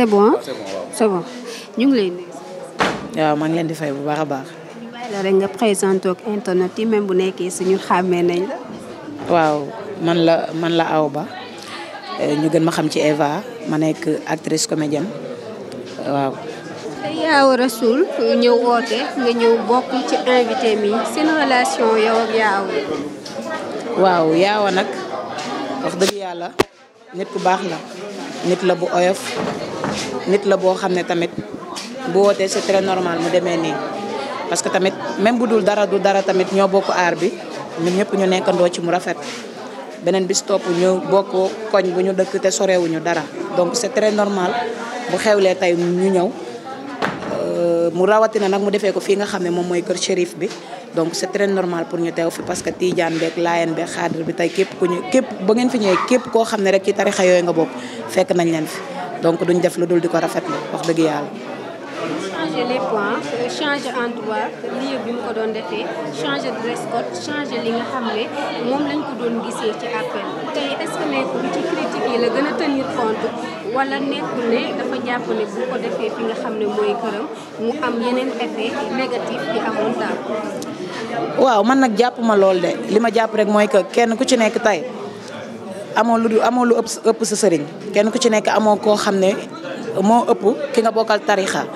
c'est bon ñu ngi lay nuyu. waaw maa ngi leen di fay bu baax a baax. ñu bàyyi la rek nga présenté ak internet yi même bu nekkee si ñun xàmmee nañ la. waaw man la man la aw Ba eh, ñu gën ma xam ci Eva ma nekk actrice comédienne waaw. tey Yaawa Rassoul ñëw woote nga ñëw bokk ci invité mi seen relation yow ak Yaawa. nag wax dëgg yàlla nit ku baax la nit la bu oyof nit la boo xam ne tamit bu wootee c'est très normal mu demee nii parce que tamit même bu dul dara du dara tamit ñoo bokk aar bi ñun ñëpp ñu nekkandoo ci mu rafet beneen bis topp ñu bokk koñ bu ñu dëkk te sorewuñu dara donc c'est très normal bu xewlee tey ñu ñëw euh, mu rawatina nag mu defee ko fii nga xam ne moom mooy kër shérif bi donc c'est très normal pour ñu teew fi parce que Tidiane beeg Laayeen beeg xaadir bi tey képp ku ñu képp ba ngeen fi ñëwee képp koo xam ne rek ci tarixa yooyu nga bokk fekk nañ leen fi donc duñ def lu dul di ko rafetlu wax dëgg yàlla. changer les points euh, bi mu ko doon defee changer dress code changer li nga xam ne moom lañ ko doon gisee ci appel tey est-ce ci critique yi la gën a tenir compte wala nekkul ne dafa jàpp ne bu ko defee fi nga xam ne mooy këram mu am yeneen effet négatif yi amoon daal. waaw man nag jàpp ma lool de li ma jàpp rek mooy que kenn ku ci nekk tey. amoon lu amoo lu ëpp sa sëriñ kenn ku ci nekk amoo koo xam ne moo ëpp ki nga bokkal tarixa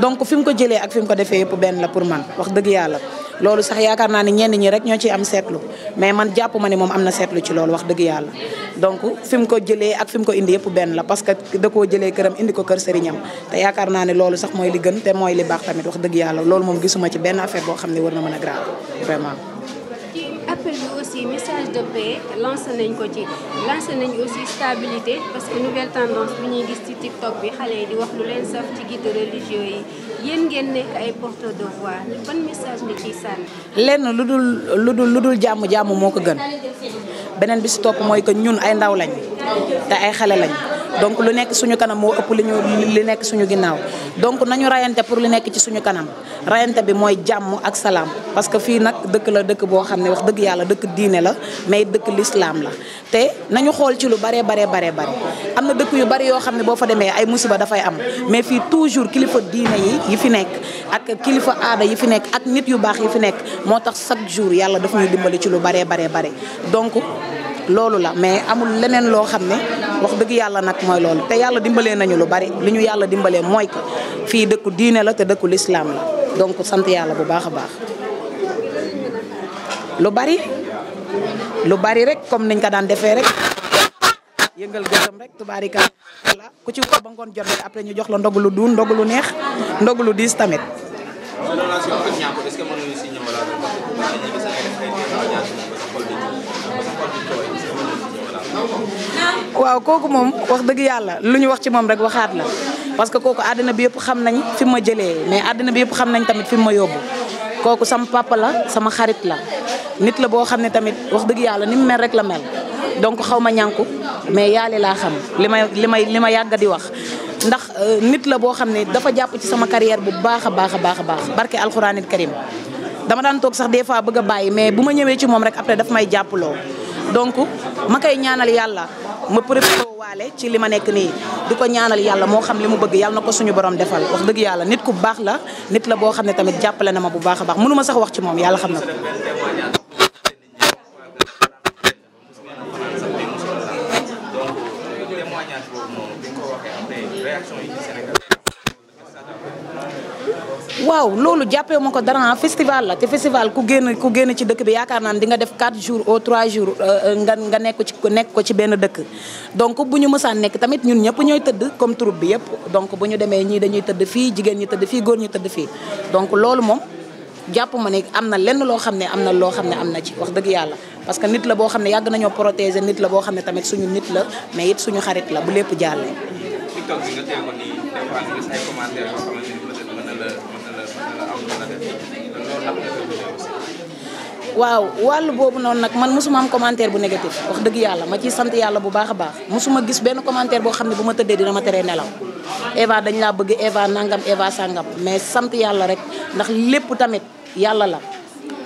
donc fi mu ko jëlee ak fi mu ko defee yëpp benn la pour man wax dëgg yàlla loolu sax yaakaar naa ne ñenn ñi rek ñoo ciy am seetlu mais man jàpp ma ne moom am na seetlu ci loolu wax dëgg yàlla donc fi mu ko jëlee ak fi mu ko indi yëpp benn la parce que da koo jëlee këram indi ko kër sëriñam te yaakaar naa ne loolu sax mooy li gën te mooy li baax tamit wax dëgg yàlla loolu moom gisuma ci benn affaire boo xam ne war na mën a grave vraiment aussi message de lancé nañ ko ci lancé nañ aussi stabilité parce gis ci TikTok bi xale di wax lu leen saf ci yi yéen ngeen nekk ay porteur de voix ban lenn lu dul lu dul lu dul jàmm jàmm moo ko gën beneen bi si topp mooy que ñun ay ndaw lañ te ay xale lañ. donc lu nekk suñu kanam moo ëpp li ñu li nekk suñu ginnaaw donc nañu rayante pour lu nekk ci suñu kanam rayante bi mooy jàmm ak salaam parce que fii nag dëkk la dëkk boo xam ne wax dëgg yàlla dëkk diine la mais dëkk lislaam la te nañu xool ci lu baree baree baree bare am na dëkk yu bari yoo xam ne boo fa demee ay musiba dafay am mais fii toujours kilifa diine yi yi fi nekk ak kilifa aada yi fi nekk ak nit yu baax yi fi nekk moo tax chaque jour yàlla daf ñuy dimbali ci lu bare baree bare donc loolu la mais amul leneen loo xam ne wax dëgg yàlla nag mooy loolu te yàlla dimbalee nañu lu bari li ñu yàlla dimbalee mooy que fii dëkku diine la te dëkku lislaam la donc sant yàlla bu baax a baax lu bari lu bari rek comme niñ ko daan defee rek yëngal gësam rek tubaarika la ku ci woo ba ngoon jot rek après ñu jox la ndog lu duun ndog lu neex ndog lu diis tamit waaw kooku moom wax dëgg yàlla lu ñu wax ci moom rek waxaat la parce que kooku àddina bi yëpp xam nañ fi ma jëlee mais àddina bi yëpp xam nañ tamit fi ma yóbbu kooku sama papa la sama xarit la nit la boo xam ne tamit wax dëgg yàlla ni mu mel rek la mel donc xaw ma ñànku mais yaali laa xam li may li may li ma yàgg di wax ndax euh, nit la boo xam ne dafa jàpp ci sama carrière bu baax a baax a baax a baax barke alxuraanil karim dama daan toog sax des fois bëgg bàyyi mais bu ma ñëwee ci moom rek après daf may jàppaloo donc ma koy ñaanal yàlla ma profité waale ci li ma nekk nii di ko ñaanal yàlla moo xam li mu bëgg yàlla na ko suñu borom defal wax dëgg yàlla nit ku baax la nit la boo xam ne tamit jàppale na ma bu baax a baax mënu ma sax wax ci moom yàlla xam na ko waaw loolu jàppee ma ko dara ah, festival la te festival ku génn ku génn ci dëkk bi yaakaar naa ne di def 4 jours au 3 jours euh, euh, nga nga nekk ci nekk ko ci benn dëkk. donc bu ñu mësaan nekk tamit ñun ñëpp ñooy tëdd comme troupe bi yëpp donc bu ñu demee ñii dañuy tëdd fii jigéen ñi tëdd fii góor ñi tëdd fii donc loolu moom. jàpp ma ne am na lenn loo xam ne am na loo xam ne am na ci wax dëgg yàlla parce que nit la boo xam ne yàgg nañoo protéger nit la boo xam ne tamit suñu nit la mais it suñu xarit la bu lépp jàllee. waaw wàll boobu noonu nag man mosuma am commentaire bu négatif wax dëgg yàlla ma ciy sant yàlla bu baax a baax mosuma gis benn commentaire boo xam ne bu ma tëddee dina ma teree nelaw Eva dañ laa bëgg Eva nangam Eva sangam mais sant yàlla rek ndax lépp tamit yàlla la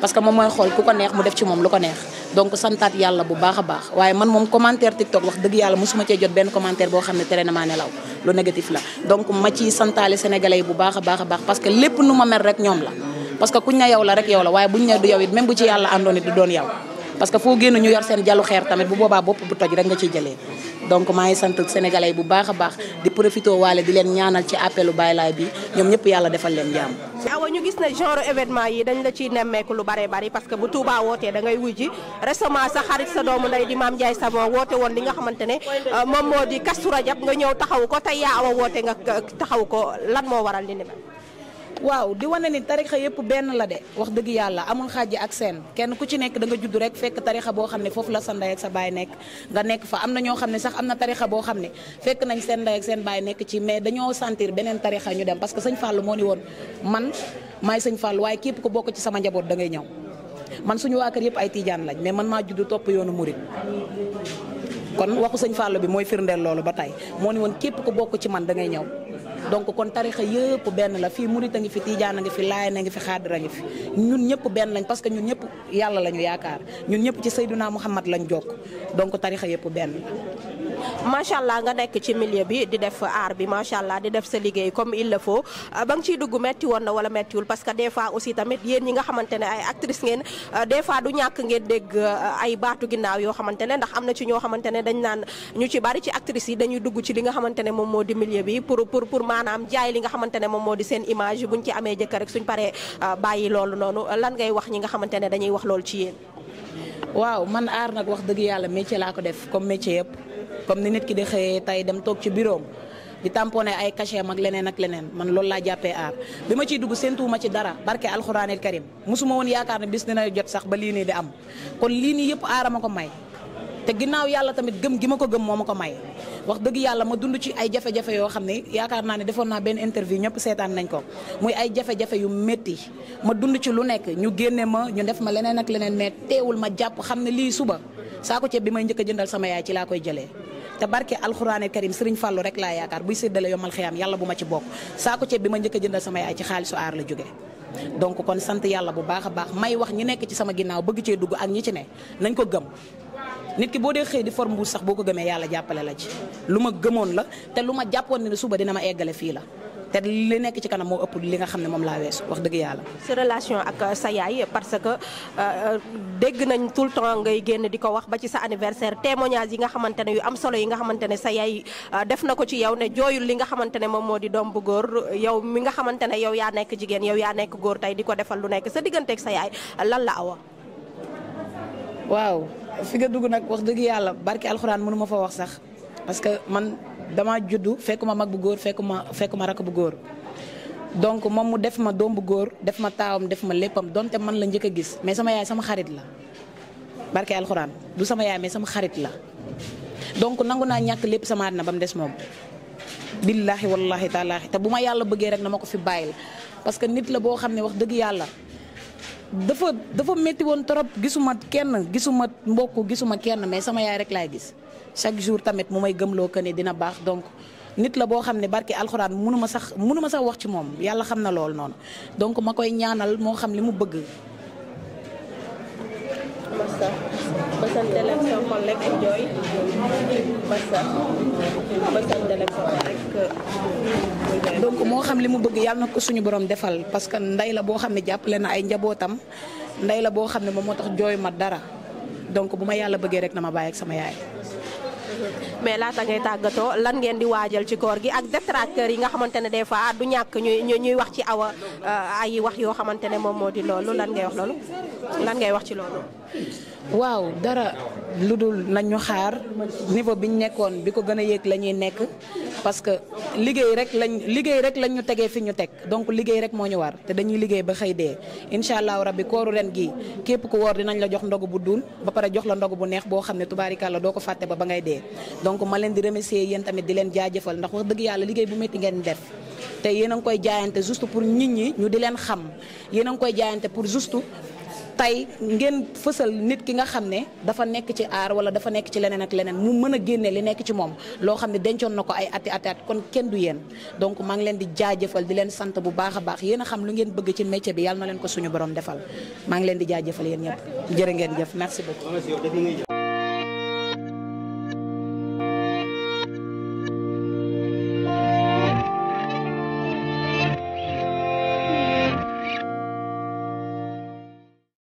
parce que moom mooy xool ku ko neex mu def ci moom lu ko neex donc santaat yàlla bu baax a baax waaye man moom commentaire TikTok wax dëgg yàlla mosuma cee jot benn commentaire boo xam ne tere na maa nelaw lu négatif la donc ma ciy santaale sénégalais bu baax a baax a baax parce que lépp nu ma mel rek ñoom la parce que kuñ ne yow la rek yow la waaye buñ ne du yow it bu ci yàlla àndoon it du doon yow parce que foo génn ñu yor seen jalu xeer tamit bu boobaa bopp bu toj rek nga ciy jëlee donc maa ngi sant sénégalais yi bu baax a baax waale di leen ñaanal ci appelu Baye Laye bi ñoom ñëpp yàlla defal leen jàmm. awa ñu gis ne yi dañ la ciy nemmeeku lu bare bari parce que bu Touba wootee da ngay wuy ji récemment sa xarit sa doomu nday di Mame Ndiaye Savon woote woon li nga xamante ne euh, moom moo di Kazu Rajab nga ñëw taxaw ko tey yaa awa woote nga euh, taxaw ko lan moo waral li ni waaw di wane ni tarixa yëpp benn la de wax dëgg yàlla amul xaaji ak seen kenn ku ci nekk da nga judd rek fekk tarixa boo xam ne foofu la sa ndey ak sa baay nekk nga nekk fa am na ñoo xam ne sax am na tarixa boo xam ne fekk nañ seen ndey baay nekk ci mais dañoo sentir beneen tarixa ñu dem parce que sëñ Fallou moo ni woon man maay sëñ Fallou waaye képp ko bokk ci sama njaboot da ngay ñëw man suñu waa kër yëpp ay tiijaan lañ mais man maa juddu topp yoonu murit kon waxu sëñ Fallou bi mooy firndeel loolu ba tey moo ni woon képp ku bokk ci man da ngay ñëw donc kon tarixa yëpp benn la fii murit a ngi fi tiijaan a ngi fi laayeen a ngi fi xaadir a ngi fi ñun ñëpp benn lañ parce que ñun ñëpp yàlla la ñu yaakaar ñun ñëpp ci Seydunaa Muhammad lañ jokk donc tarixa yëpp benn macha allah nga nekk ci millier bi di def art bi macha allah di def sa liggéey comme il le faut euh, ba nga ciy dugg metti woon na wala méttiwul parce que des fois aussi tamit yéen ñi nga xamante ne ay actrice ngeen euh, des fois du ñàkk ngeen dégg euh, ay baatu ginnaaw yoo xamante ne ndax am na ci ñoo xamante ne dañ naan ñu ci bari ci actrice yi dañuy dugg ci li nga xamante ne moom moo di milieu bi pour pour pour maanaam jaay li nga xamante ne moom moo di seen image buñ ci amee jëkkër rek paree bàyyi loolu noonu lan ngay wax ñi nga xamante ne dañuy wax loolu ci yéen waaw nag wax dëgg yàlla métier laa ko def comme métier comme ni nit ki di xëyee tey dem toog ci bureau di tamponné ay cachet mag leneen ak leneen man loolu laa jàppee aar bi ma ciy dugg séentuwuma ci dara barke alxuraanil karim mosuma woon yaakaar ne bis dina jot sax ba lii nii di am kon lii nii yëpp aara ma ko may te ginnaaw yàlla tamit gëm gi ma ko gëm moo ma ko may wax dëgg yàlla ma dund ci ay jafe-jafe yoo xam ne yaakaar naa ne defoon naa benn interview ñëpp seetaan nañ ko muy ay jafe-jafe yu métti ma dund ci lu nekk ñu génne ma ñu def ma leneen ak leneen mais teewul ma jàpp xam ne lii suba saako ceeb bi may njëkk jëndal sama yaay ci laa koy jëlee te barke alxuraane karim sëriñ fàllu rek laa yaakaar buy séddale yomal xiyam yàlla bu ma ci bokk saako ceeb bi ma njëkk a jëndal samay ay ci xaalisu aar la jóge donc kon sant yàlla bu baax a baax may wax ñi nekk ci sama ginnaaw bëgg cee dugg ak ñi ci ne nañ ko gëm nit ki boo dee xëy di forme bu sax boo ko gëmee yàlla jàppale la ci lu ma gëmoon la te lu ma jàppoon ne suba dina ma eggale fii la te li nekk ci kanam moo ëpp li nga xam ne moom laa weesu wax dëgg yàlla. sa relation ak sa yaay parce que euh, dégg nañ tout le temps ngay génn di ko wax ba ci sa anniversaire témoignage yi nga xamante ne yu am solo yi nga xamante ne sa yaay euh, def na ko ci yow ne jooyul li nga xamante ne moom moo di doom bu góor yow mi nga xamante ne yow yaa nekk jigéen yow yaa nekk góor tey di ko defal lu nekk sa digganteeg sa yaay lan la awa. waaw fi nga dugg nag wax dëgg yàlla barki alxuraan mënu ma fa wax sax dama juddu fekk ma mag bu góor fekk ma fekk ma rakk bu góor donc moom mu def ma doom bu góor def ma taawam def ma léppam donte man la njëkk a gis mais sama yaay sama xarit la barke alxuraan du sama yaay mais sama xarit la donc nangu naa ñàkk lépp sama na ba mu des moom billaahi wallaahi taalaahi te bu ma yàlla bëggee rek na ma ko fi bàyyil parce que nit la boo xam ne wax dëgg yàlla dafa dafa métti woon trop gisuma kenn gisuma mbokk gisuma kenn mais sama yaay rek laay gis chaque jour tamit mu may gëmloo que ne dina baax donc nit la boo xam ne barki alxuraan mënu ma sax mënu ma sax wax ci moom yàlla xam na loolu noonu donc ma koy ñaanal moo xam li mu bëgg. moo xam li mu bëgg yàlla na ko suñu borom defal parce que ndey la boo xam ne jàppale na ay njabootam ndey la boo xam ne moom moo tax jooy ma dara donc bu ma yàlla bëggee rek na ma bàyyi ak sama yaay. mais laata ngay tàggatoo lan ngeen di waajal ci koor gi ak détracteurs yi nga xamante ne des fois du ñàkk ñuy ñuy wax ci awa euh, ay wax yoo xamante ne moom moo di loolu lan ngay wax loolu lan ngay wax ci loolu. waaw dara lu dul nañu xaar niveau biñ nekkoon bi ko gën a yéeg lañuy nekk. parce que liggéey rek lañ liggéey rek lañ ñu tegee fi ñu teg donc liggéey rek moo ñu war te dañuy liggéey ba xëy dee incha allahu rabi kooru ren gii képp ku woor dinañ la jox ndogu bu duun ba pare jox la ndogu bu neex boo xam ne tubaarikàlla doo ko fàtte ba ba ngay dee donc ma leen di remercier yéen tamit di leen jaajëfal ndax wax dëgg yàlla liggéey bu métti ngeen def te yéen a koy jaayante juste pour nit ñi ñu di leen xam yéen a ngi koy jaayante pour juste tey ngeen fësal nit ki nga xam ne dafa nekk ci aar wala dafa nekk ci leneen ak leneen mu mën a génne li nekk ci moom loo xam ne dencoon na ko ay ati ati at kon kenn du yéen donc maa ngi leen di jaajëfal di leen sant bu baax a baax yen a xam lu ngeen bëgg ci métier bi yàlla na leen ko suñu borom defal maa ngi leen di jaajëfal yéen ñëpp jërë ngeen jëf merci beaucoup